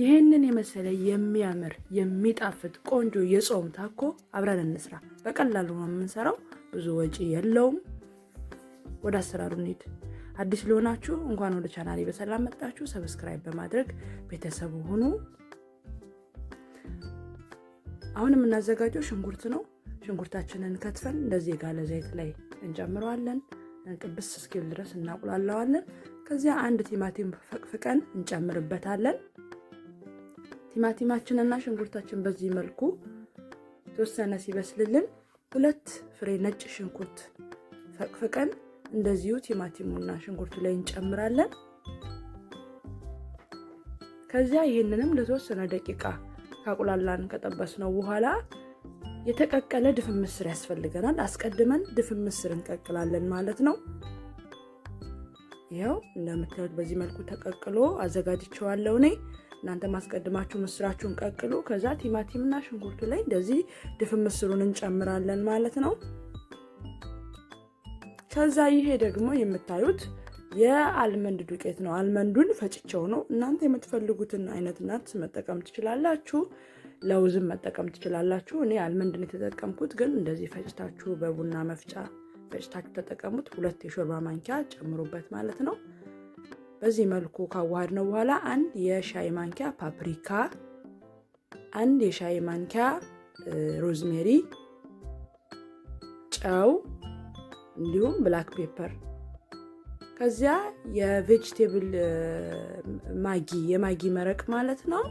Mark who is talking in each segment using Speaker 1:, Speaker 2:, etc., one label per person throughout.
Speaker 1: ይህንን የመሰለ የሚያምር የሚጣፍጥ ቆንጆ የጾም ታኮ አብረን እንስራ። በቀላሉ ነው የምንሰራው፣ ብዙ ወጪ የለውም። ወደ አሰራሩ እንሂድ። አዲስ ለሆናችሁ እንኳን ወደ ቻናሌ በሰላም መጣችሁ። ሰብስክራይብ በማድረግ ቤተሰቡ ሁኑ። አሁን የምናዘጋጀው ሽንኩርት ነው። ሽንኩርታችንን ከትፈን እንደዚህ የጋለ ዘይት ላይ እንጨምረዋለን። ቅብስ እስኪል ድረስ እናቁላለዋለን። ከዚያ አንድ ቲማቲም ፈቅፍቀን እንጨምርበታለን። ቲማቲማችንና ሽንኩርታችን በዚህ መልኩ የተወሰነ ሲበስልልን ሁለት ፍሬ ነጭ ሽንኩርት ፈቅፍቀን እንደዚሁ ቲማቲሙና ሽንኩርቱ ላይ እንጨምራለን። ከዚያ ይህንንም ለተወሰነ ደቂቃ ካቁላላን ከጠበስነው በኋላ የተቀቀለ ድፍን ምስር ያስፈልገናል። አስቀድመን ድፍን ምስር እንቀቅላለን ማለት ነው። ይኸው እንደምታዩት በዚህ መልኩ ተቀቅሎ አዘጋጅቸዋለሁ እኔ። እናንተ ማስቀድማችሁ ምስራችሁን ቀቅሉ። ከዛ ቲማቲም እና ሽንኩርቱ ላይ እንደዚህ ድፍን ምስሩን እንጨምራለን ማለት ነው። ከዛ ይሄ ደግሞ የምታዩት የአልመንድ ዱቄት ነው። አልመንዱን ፈጭቸው ነው። እናንተ የምትፈልጉትን አይነት ናት መጠቀም ትችላላችሁ። ለውዝም መጠቀም ትችላላችሁ። እኔ አልመንድን የተጠቀምኩት ግን እንደዚህ ፈጭታችሁ በቡና መፍጫ ፈጭታችሁ ተጠቀሙት። ሁለት የሾርባ ማንኪያ ጨምሩበት ማለት ነው። በዚህ መልኩ ካዋሃድ ነው በኋላ አንድ የሻይ ማንኪያ ፓፕሪካ፣ አንድ የሻይ ማንኪያ ሮዝሜሪ፣ ጨው እንዲሁም ብላክ ፔፐር ከዚያ የቬጅቴብል ማጊ የማጊ መረቅ ማለት ነው።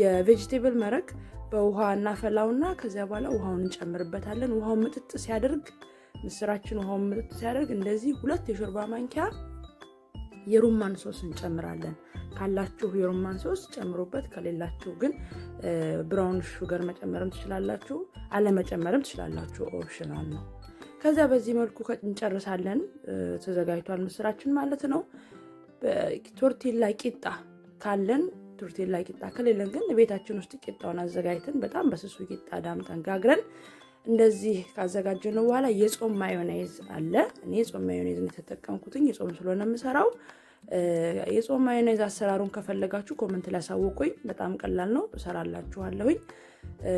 Speaker 1: የቬጅቴብል መረቅ በውሃ እናፈላውና ከዚያ በኋላ ውሃውን እንጨምርበታለን። ውሃውን ምጥጥ ሲያደርግ ምስራችን ውሃውን ምጥጥ ሲያደርግ እንደዚህ ሁለት የሾርባ ማንኪያ የሩማን ሶስ እንጨምራለን። ካላችሁ የሩማን ሶስ ጨምሩበት፣ ከሌላችሁ ግን ብራውን ሹገር መጨመርም ትችላላችሁ፣ አለመጨመርም ትችላላችሁ። ኦፕሽናል ነው። ከዚያ በዚህ መልኩ እንጨርሳለን። ተዘጋጅቷል ምስራችን ማለት ነው። ቶርቴላ ቂጣ ካለን ቶርቲላ ቂጣ ከሌለን ግን ቤታችን ውስጥ ቂጣውን አዘጋጅተን በጣም በስሱ ቂጣ ዳምጠን ጋግረን እንደዚህ ካዘጋጀን በኋላ የጾም ማዮኔዝ አለ። እኔ የጾም ማዮኔዝ የተጠቀምኩትኝ የጾም ስለሆነ የምሰራው የጾም ማዮኔዝ አሰራሩን ከፈለጋችሁ ኮመንት ላይ አሳውቁኝ። በጣም ቀላል ነው፣ እሰራላችኋለሁኝ።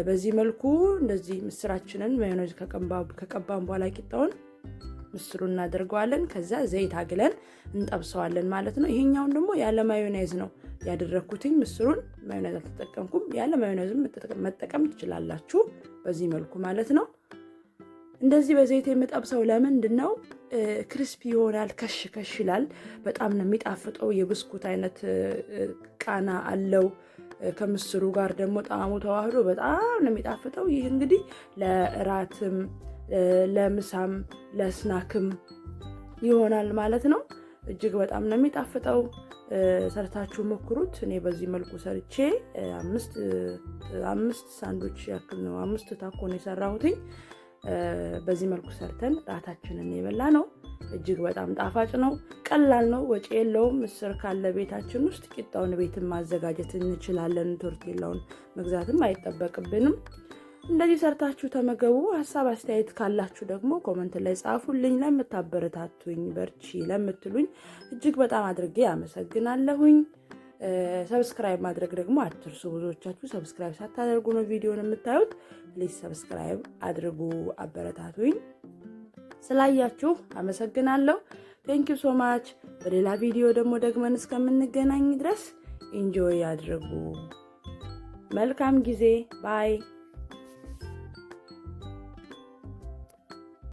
Speaker 1: በዚህ መልኩ እንደዚህ ምስራችንን ማዮኔዝ ከቀባን በኋላ ቂጣውን ምስሩ እናደርገዋለን። ከዛ ዘይት አግለን እንጠብሰዋለን ማለት ነው። ይሄኛውን ደግሞ ያለ ማዮኔዝ ነው ያደረግኩትኝ። ምስሩን ማዮኔዝ አልተጠቀምኩም። ያለ ማዮኔዝም መጠቀም ትችላላችሁ። በዚህ መልኩ ማለት ነው። እንደዚህ በዘይት የምጠብሰው ለምንድን ነው? ክሪስፒ ይሆናል። ከሽ ከሽ ይላል። በጣም ነው የሚጣፍጠው። የብስኩት አይነት ቃና አለው ከምስሩ ጋር ደግሞ ጣዕሙ ተዋህዶ በጣም ነው የሚጣፍጠው። ይህ እንግዲህ ለእራትም ለምሳም ለስናክም ይሆናል ማለት ነው። እጅግ በጣም ነው የሚጣፍጠው። ሰርታችሁ ሞክሩት። እኔ በዚህ መልኩ ሰርቼ አምስት ሳንዶች ያክል ነው አምስት ታኮ ነው የሰራሁትኝ። በዚህ መልኩ ሰርተን ራታችንን የበላ ነው። እጅግ በጣም ጣፋጭ ነው። ቀላል ነው፣ ወጪ የለውም። ምስር ካለ ቤታችን ውስጥ ቂጣውን ቤትን ማዘጋጀት እንችላለን። ቶርቴላውን መግዛትም አይጠበቅብንም። እንደዚህ ሰርታችሁ ተመገቡ። ሀሳብ አስተያየት ካላችሁ ደግሞ ኮመንት ላይ ጻፉልኝ። ለምታበረታቱኝ፣ በርቺ ለምትሉኝ እጅግ በጣም አድርጌ አመሰግናለሁኝ። ሰብስክራይብ ማድረግ ደግሞ አትርሱ። ብዙዎቻችሁ ሰብስክራይብ ሳታደርጉ ነው ቪዲዮን የምታዩት። ፕሊዝ ሰብስክራይብ አድርጉ፣ አበረታቱኝ። ስላያችሁ አመሰግናለሁ። ቴንኪው ሶ ማች። በሌላ ቪዲዮ ደግሞ ደግመን እስከምንገናኝ ድረስ ኢንጆይ አድርጉ። መልካም ጊዜ ባይ